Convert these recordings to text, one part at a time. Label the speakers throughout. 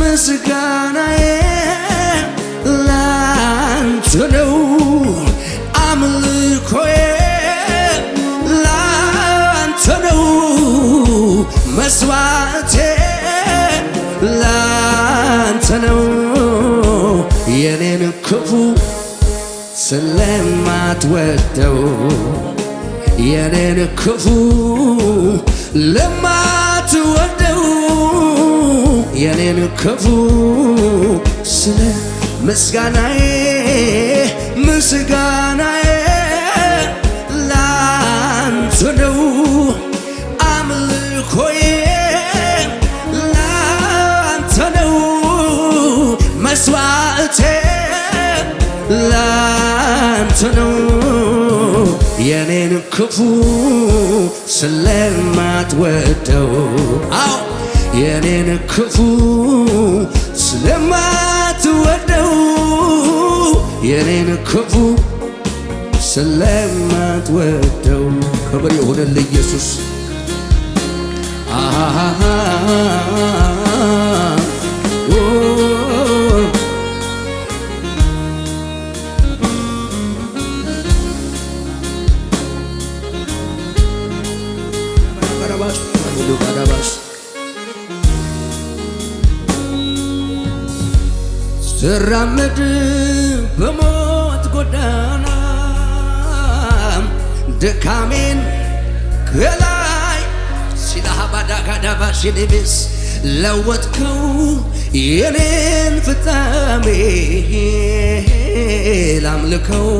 Speaker 1: ምስጋናዬ ላንተ ነው አምልኮዬ ላንተ ነው መስዋዕቴ ላንተ ነው የኔን ክፉ ስለማትወደው የኔን ክፉ ለማትወደ የኔን ክፉ ስለ ምስጋናዬ ምስጋናዬ ላንተ ነው አምልኮዬ ላንተ ነው መስዋዕቴ ላንተ ነው የኔን ክፉ ስለማትወደው አዎ የኔን ክፉ ስለማትወደው የኔን ክፉ ስለማትወደው ክብር ይሁንል ኢየሱስ አሃ ስራመድ በሞት ጎዳና ድካሜን ከላይ ሲላሃባዳጋዳባሽንቤስ ለወጥከው የኔን ፍጻሜ ላምልከው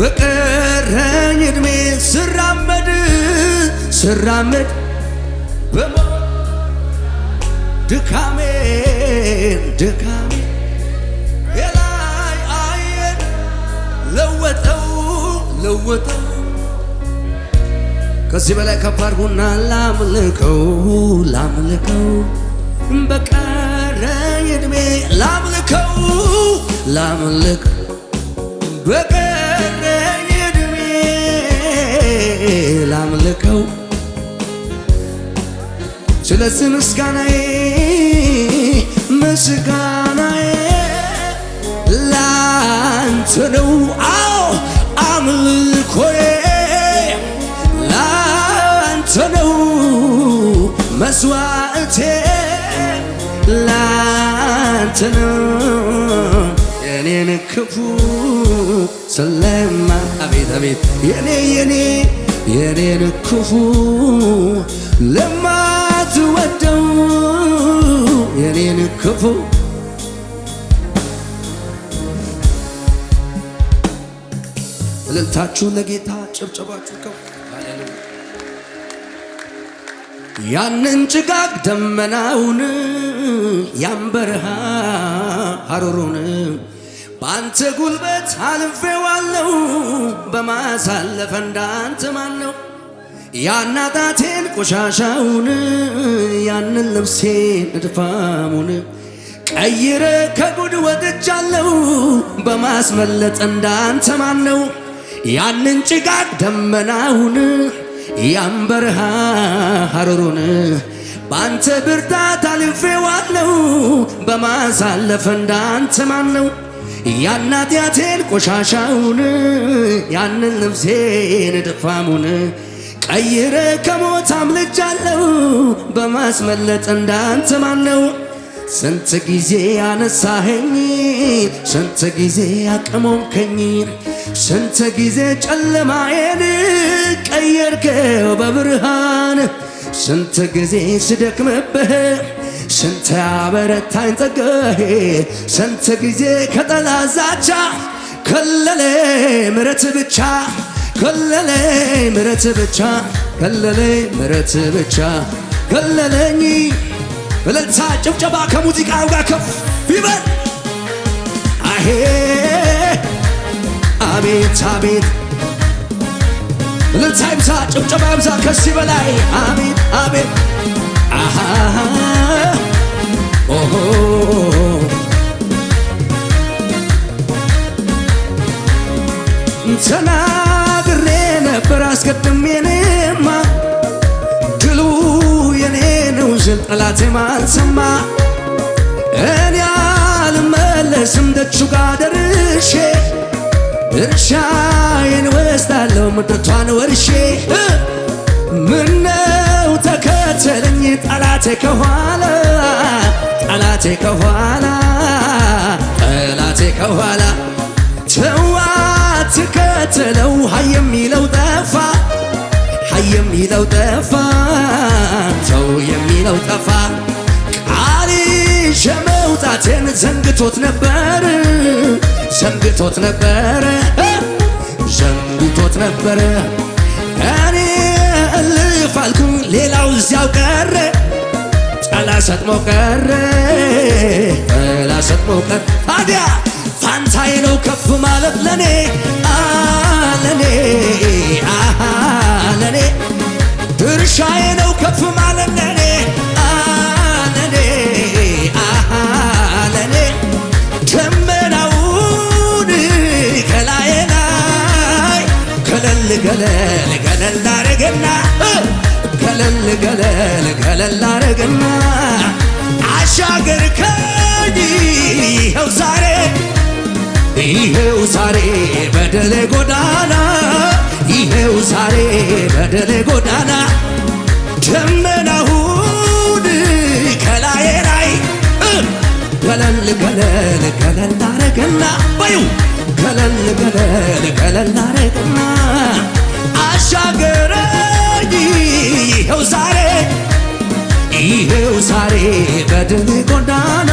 Speaker 1: በቀረኝ እድሜ ስራመድ ስራመድ በሞት ድካሜን ድካሜ ለወጠው ለወጠው ከዚህ በላይ ከባድ ሆና ላምልከው ላምልከው በቀረኝ እድሜ ላምልከው ላምልክ በቀረኝ እድሜ ላምልከው ስለዚህ ምስጋናዬ ምስጋናዬ ላንተ ነው። አምልኮዬ ላንተ ነው መስዋዕቴ ላንተ ነው የኔን ክፉ ስለማ አቤት አቤት የኔ የኔ የኔን ክፉ ለማትወደው የኔን ክፉ እልልታችሁ ለጌታ ጭብጨባችሁ ከፍ ያንን ጭጋግ ደመናውን ያን በረሃ ሐሩሩን በአንተ ጉልበት አልፌዋለው በማሳለፈ እንዳንተ ማን ነው? ያናጣቴን ቆሻሻውን ያንን ልብሴን እድፋሙን ቀይረ ከጉድ ወጥቻለው በማስመለጥ እንዳንተ ማን ነው? ያንን ጭጋግ ደመናውን ያን በረሃ ሐሩሩን በአንተ ብርታት አልፌዋለው በማሳለፍ እንዳንተ ማን ነው? ያን ቆሻሻውን ያንን ልብሴን ድፋሙን ቀይረ ከሞት አምልጃለው በማስመለጥ እንዳንተ ማን ነው? ስንት ጊዜ አነሳኸኝ ስንት ጊዜ አቅሞምከኝ ስንት ጊዜ ጨለማዬን ቀየርከው በብርሃን ስንት ጊዜ ስደክምብህ ስንት አበረታኝ ጸጋህ ስንት ጊዜ ከጠላት ዛቻ ከለለ ምረት ብቻ ከለለ ምረት ብቻ ከለለ ምረት ብቻ ከለለኝ። እልልታ ጭብጨባ ከሙዚቃው ጋር ከፍ ይበል አሄ አቤት አቤት ልልታ ይብዛ፣ ጭብጨባ ይብዛ ከዚህ በላይ አቤት አቤት ተናግሬ ነበር አስቀድሜንማ ድሉ የኔ ነው ስል ጠላቴ ማልሰማ እኔ አልመለስም ደቹ ጋ ደርሼ እርሻዬን ወስዳለሁ ምድርቷን ወርሼ ምነው ተከተለኝ ጠላቴ ከኋላ ጠላቴ ከኋላ ጠላቴ ከኋላ ተዋት ትከተለው ሀይ የሚለው ጠፋ ሀይ የሚለው ጠፋ ተው የሚለው ጠፋ ይዤ መውጣቴን ዘንግቶት ነበር ዘንግቶት ነበር ዘንግቶት ነበር። እኔ እልፍ አልኩኝ ሌላው እዚያው ቀረ። ጠላ ሰጥሞ ቀረ ጠላ ሰጥሞ ቀረ። ታዲያ ፋንታዬ ነው ከፍ ማለት ለኔ ለኔ ለኔ ድርሻዬ ገለል ገለል አረግና አሻገር ከዲ ይኸው ዛሬ ይኸው ዛሬ በደሌ ጎዳና ይኸው ዛሬ በደሌ ጎዳና ደመናሁድ ከላዬ ላይ ገለል ገለል ገለል አረግና በዩ ገለል ገለል ገለል አረግና አሻገረ ይኸው ዛሬ ይኸው ዛሬ በድል ጎዳና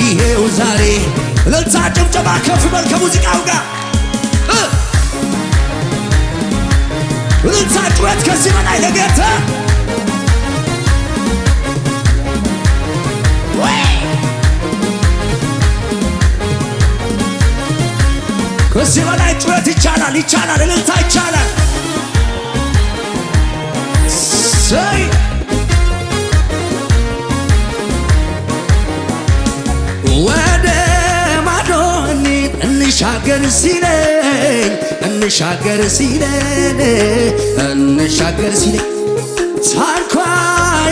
Speaker 1: ይኸው ዛሬ እልልታ ጭብጨባ ከፍ በል ከሙዚቃው ጋር እልልታ ጩኸት ከዚህ በላይ ለጌታ ከዚህ በላይ ጩኸት ይቻላል ይቻላል እልልታ ይቻላል እሰይ ወደ ማዶ እንሻገር ሲለኝ እንሻገር ሲለኝ እንሻገር ሲለኝ ሳንኳ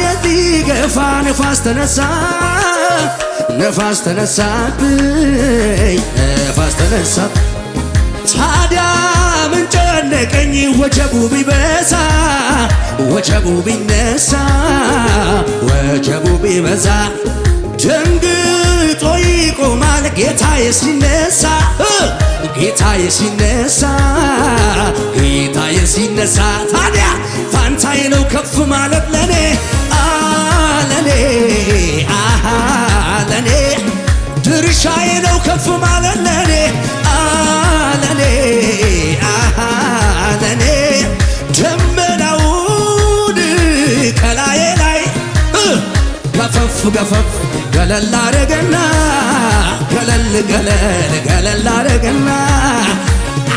Speaker 1: የዚገፋ ነፋስ ተነሳ ነፋስ ተነሳብኝ ነፋስ ተነሳ ታዲያ ጨነቀኝ ወጀቡ ቢበዛ ወጀቡ ቢነሳ ወጀቡ ቢበዛ ደንግጦ ይቆማል ጌታዬ ሲነሳ ጌታዬ ሲነሳ ጌታዬ ሲነሳ ታዲያ ፋንታዬ ነው ከፍ ማለት ለኔ ለኔ ለኔ ድርሻዬ ነው ከፍ ማለት ለኔ ገፈፍ ገለል አረገና ገለል ገለል ገለል አረገና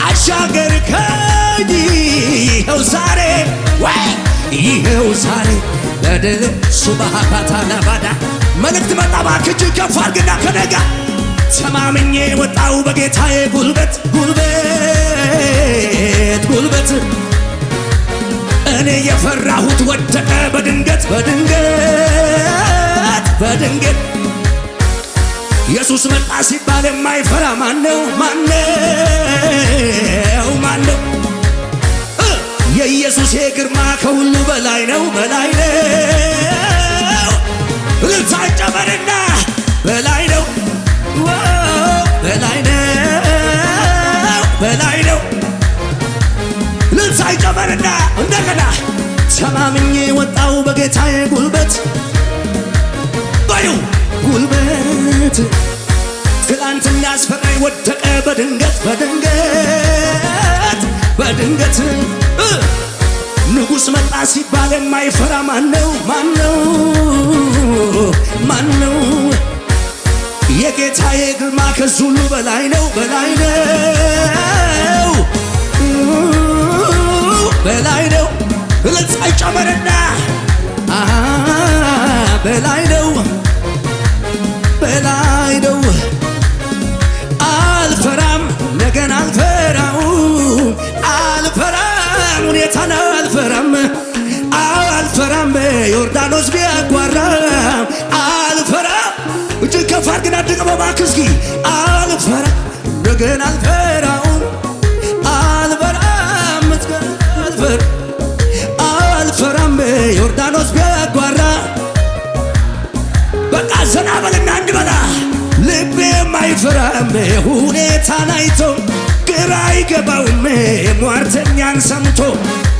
Speaker 1: አሻገር ከጂ ይኸው ዛሬ ወይ ይኸው ዛሬ ለድል ሱባሃካታና ባዳ መልእክት መጣ ባክጅ ከፍ አርግና ከነጋ ተማምኜ ወጣው በጌታዬ ጉልበት ጉልበት ጉልበት እኔ የፈራሁት ወደቀ በድንገት በድንገት በድንገት ኢየሱስ መጣ ሲባል የማይፈራ ማነው? ማነው? ማነው? የኢየሱስ የግርማ ከሁሉ በላይ ነው፣ በላይ ነው። እልልታ ጨመርና በላይ ነው፣ በላይ ነው፣ በላይ ነው። እልልታ ጨመርና እንደገና ተማምኜ ወጣው በጌታዬ ጉልበት ጉልበት ትላንትና አስፈራኝ ወደቀ በድንገት በድንገት በድንገት ንጉሥ መጣ ሲባል የማይፈራ ማነው ማነው ማነው? የጌታዬ ግርማ ከዚህ ሁሉ በላይ ነው በላይ ነው በላይ ነው እልልታ ይጨመርና በላይ ነው በላይ ነው። አልፈራም ነገን አልፈራው አልፈራም ሁኔታን አልፈራም አልፈራም ዮርዳኖስ ቢያጓራም አልፈራም እጅ በማክስጊ አልፈራም ነገን አይፈራም ሁኔታን አይቶ ግራ አይገባውም ሟርተኛን ሰምቶ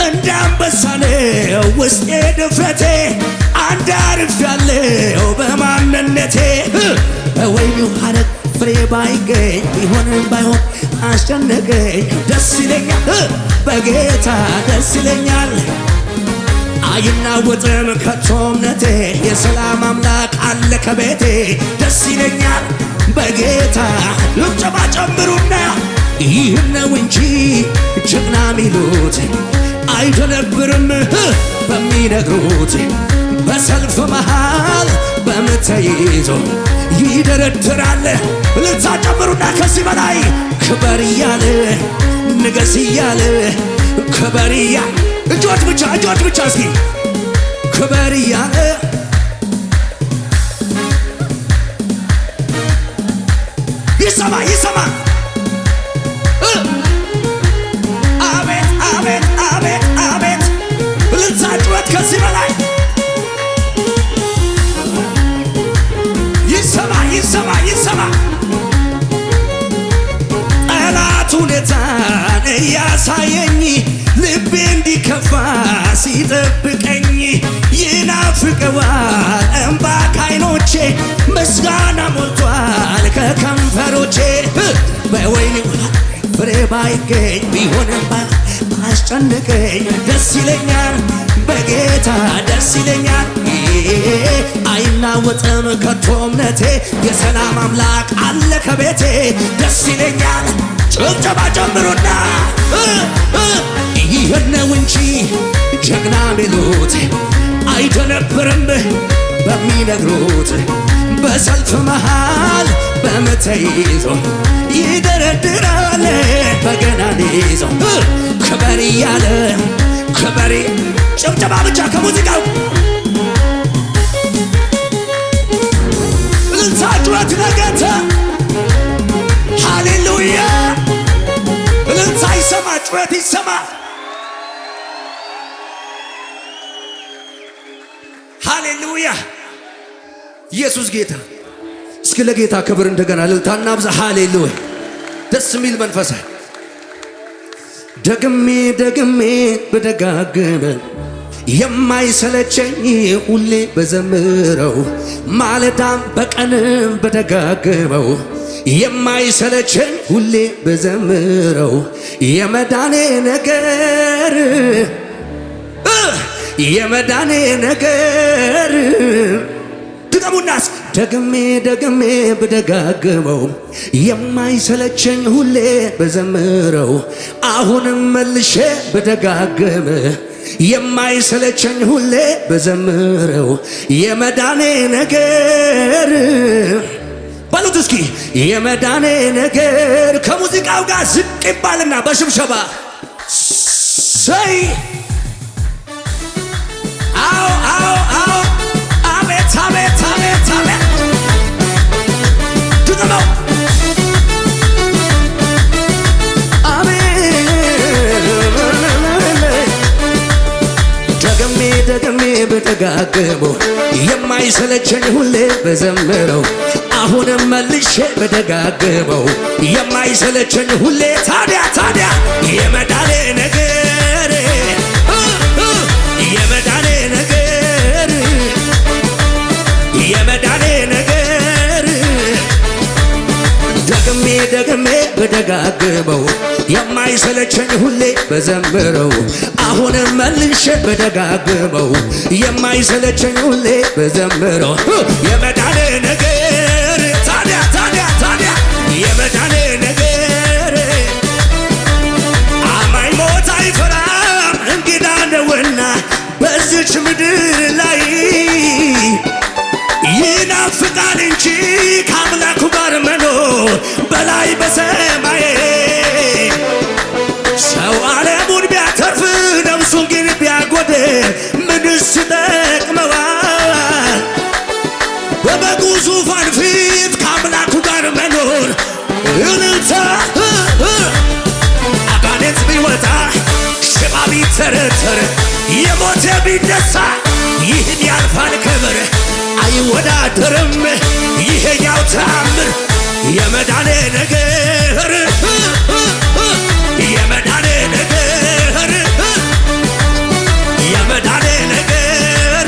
Speaker 1: እንደ አንበሳ ነው ውስጤ ድፍረቴ አንድ አርፌያለሁ በማንነቴ ወይኑ ሐረግ ፍሬ ባይገኝ ቢሆንም ባይሆን አስጨነቀኝ ደስ ይለኛል በጌታ ደስ ይለኛል አይናወጥም ከቶ እምነቴ የሰላም አምላክ አለ ከቤቴ ደስ ይለኛል በጌታ ጭብጨባ ጨምሩና ይህ ነው እንጂ ጀግና ሚሉት አይተነብርም በሚነግሩት በሰልፍ መሃል በምትይዞ ይደረድራል። እልልታ ጨምሩና ከዚህ በላይ ክበር እያለ ንገስ እያለ ክበር እያ እጆች ብቻ እጆች ብቻ እስኪ ክበር እያለ ይሰማ ይሰማ አቤት አቤት አቤት አቤት እልልታ ጩኸት ከዚህ በላይ ይሰማ ይሰማ ይሰማ ጠላት ሁኔታን እያሳየኝ ልቤ እንዲከፋ ሲጠብቀኝ ይናፍቀዋል ፍሬ ባይገኝ ቢሆንም ባስጨነቀኝ ደስ ይለኛል በጌታ ደስ ይለኛል። አይናወጥም ከቶ እምነቴ የሰላም አምላክ አለ ከቤቴ ደስ ይለኛል። ጭብጨባ ጨምሩና ይህን ነው እንጂ ጀግና ሚሉት አይደነብርም በሚነግሩት በሰልፍ መሃል በመተይ ይዞ ይደረድራል በገናን ይዞ ከበሬ ያለ ከበሬ ጭብጨባ ብቻ ከሙዚቃው ኢየሱስ ጌታ። እስኪ ለጌታ ክብር እንደገና እልልታና ብዛ። ሃሌሉያ! ደስ የሚል መንፈሳ ደግሜ ደግሜ በደጋግመ የማይሰለቸኝ ሁሌ በዘምረው ማለዳም በቀንም በደጋግመው የማይሰለቸኝ ሁሌ በዘምረው የመዳኔ ነገር የመዳኔ ነገር ግጠሙናስ ደግሜ ደግሜ ብደጋግመው የማይሰለቸኝ ሁሌ በዘምረው አሁንም መልሼ ብደጋግም የማይሰለቸኝ ሁሌ በዘምረው የመዳኔ ነገር ባሉት እስኪ የመዳኔ ነገር ከሙዚቃው ጋር ዝቅ ይባልና በሽብሸባ ሰይ አዎ አዎ አዎ አቤት አቤት የማቀርበው የማይሰለቸኝ ሁሌ በዘምረው አሁንም መልሼ በደጋግመው የማይሰለቸኝ ሁሌ ታዲያ ታዲያ የመዳሌ ነገር በደጋግመው የማይሰለቸኝ ሁሌ በዘምረው አሁንም መልሼ በደጋግመው የማይሰለቸኝ ሁሌ በዘምረው የመዳን ነገር ታዲያ ታዲያ ታዲያ የመዳን ነገር አማኝ ሞት አይፈራም እንግዳ ነውና በዚች ምድር ላይ ይናፍቃል እንጂ ከአምላኩ ጋር መኖር በላይ በሰማይ ሰው ዓለሙን ቢያተርፍ ነፍሱን ግን ቢያጎድል ምንስ ይጠቅመዋል? በበጉ ዙፋን ፊት ከአምላኩ ጋር መኖር እልልታ አጋንንት ቢወጣ ሽባ ቢተረተር የሞተ ቢነሳ ይህን ያልፋል አይወዳደርም ይሄኛው ተአምር የመዳኔ ነገር የመዳኔ ነገር የመዳኔ ነገር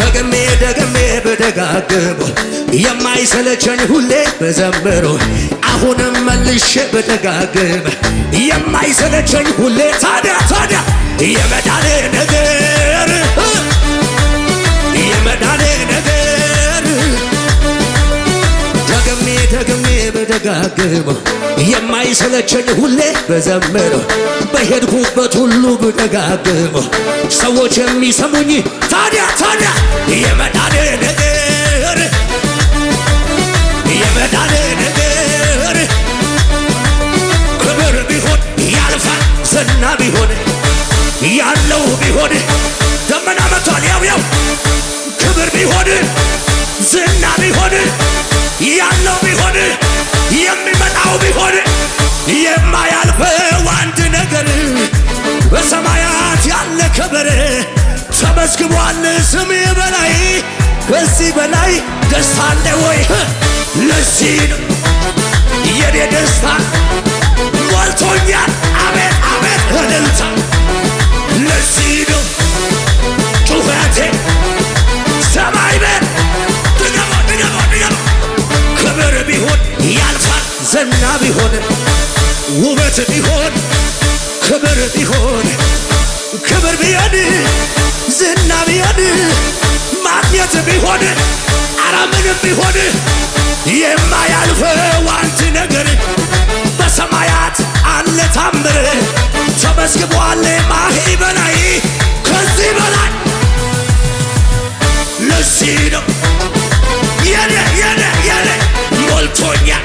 Speaker 1: ደግሜ ደግሜ በደጋግሞ የማይሰለቸኝ ሁሌ በዘምሮ አሁንም መልሼ በደጋግመ የማይሰለቸኝ ሁሌ ታዲያ ታዲያ የመዳኔ ነገር ደጋግመው የማይሰለቸኝ ሁሌ በዘምረው በሄድኩበት ሁሉ ብደጋግመው ሰዎች የሚሰሙኝ ታዲያ ታዲያ የመዳን ነገር የመዳን ነገር ክብር ቢሆን ያልፋል፣ ዝና ቢሆን ያለው ቢሆን ደመና መቷል ያው ያው ክብር ቢሆን ዝና ቢሆን ያለው ቢሆን የሚመጣው ቢሆን የማያልፈው አንድ ነገር በሰማያት ያለ ክብር ተመዝግቧል ስም በላይ በዚህ በላይ ደስታ አለ ወይ? ለዚህ ነው የኔ ደስታ ሞልቶኛል። አቤት አቤት እልልታ ለዚህ ነው ጩኸቴ ሰማይ ቤት ስንፍና ቢሆን ውበት ቢሆን ክብር ቢሆን ክብር ቢሆን ዝና ቢሆን ማግኘት ቢሆን አረ ምንም ቢሆን የማያልፈው አንድ ነገር በሰማያት አለ ታምር ተመስግቧል ማሂ በላይ ከዚህ በላይ ለዚህ ነው የኔ የኔ የኔ ሞልቶኛል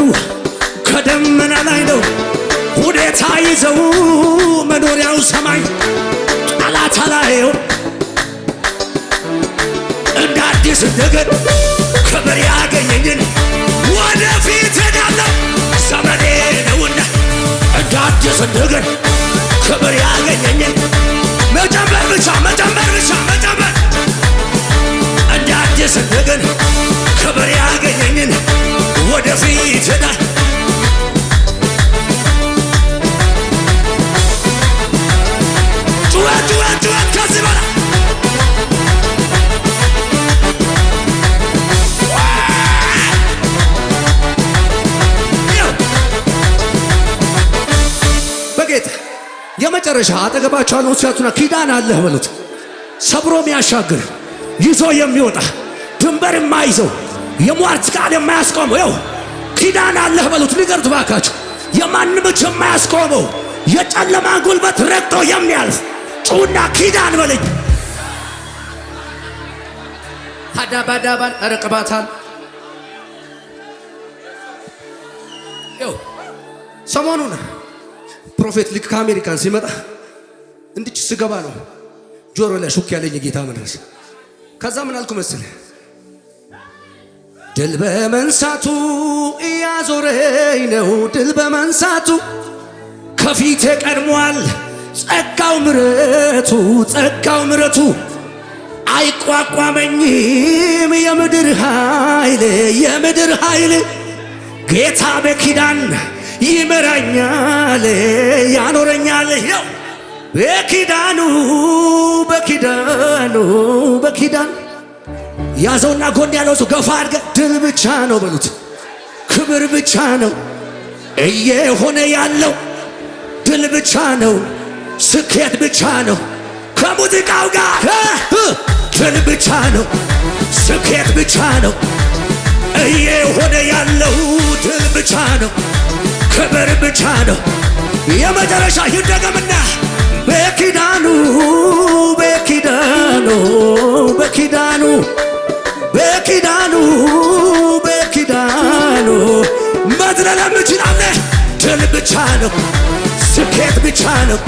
Speaker 1: መንገዱ ከደመና ላይ ነው። ሁኔታ ይዘው መኖሪያው ሰማይ ጠላት አላየው እንደ አዲስ እንደገን ክብር ያገኘኝን ወደፊት ሄዳለሁ ዘመኔ ነውና እንደ አዲስ እንደገን ክብር ያገኘኝን መጨረሻ አጠገባቸው ያለውን ሲያቱና ኪዳን አለህ በሉት። ሰብሮ የሚያሻግር ይዞ የሚወጣ ድንበር የማይዘው የሟርት ቃል የማያስቆመው ያው ኪዳን አለህ በሉት። ንገሩት ባካችሁ። የማንም እጅ የማያስቆመው የጨለማ ጉልበት ረግጦ የሚያልፍ ጩና ኪዳን በለኝ አዳባዳባን ረቅባታል ሰሞኑን ፕሮፌት ልክ ከአሜሪካን ሲመጣ እንድች ስገባ ነው ጆሮ ላይ ሹክ ያለኝ ጌታ መድረስ። ከዛ ምን አልኩ መስል ድል በመንሳቱ እያዞረኝ ነው፣ ድል በመንሳቱ ከፊቴ ቀድሟል። ጸጋው ምረቱ፣ ጸጋው ምረቱ አይቋቋመኝም። የምድር ኃይል፣ የምድር ኃይል ጌታ በኪዳን ይመራኛል ያኖረኛል ያው በኪዳኑ በኪዳኑ በኪዳኑ ያዘውና ጎን ያለው ሰው ገፋ አድርገ ድል ብቻ ነው በሉት፣ ክብር ብቻ ነው እየሆነ ያለው ድል ብቻ ነው፣ ስኬት ብቻ ነው። ከሙዚቃው ጋር ድል ብቻ ነው፣ ስኬት ብቻ ነው እየሆነ ያለው ድል ብቻ ነው ክብር ብቻ ነው የመጨረሻ ይደገምና በኪዳኑ በኪዳኑ በኪዳኑ በኪዳኑ በኪዳኑ መዝለል የምችል ድል ብቻ ነው ስኬት ብቻ ነው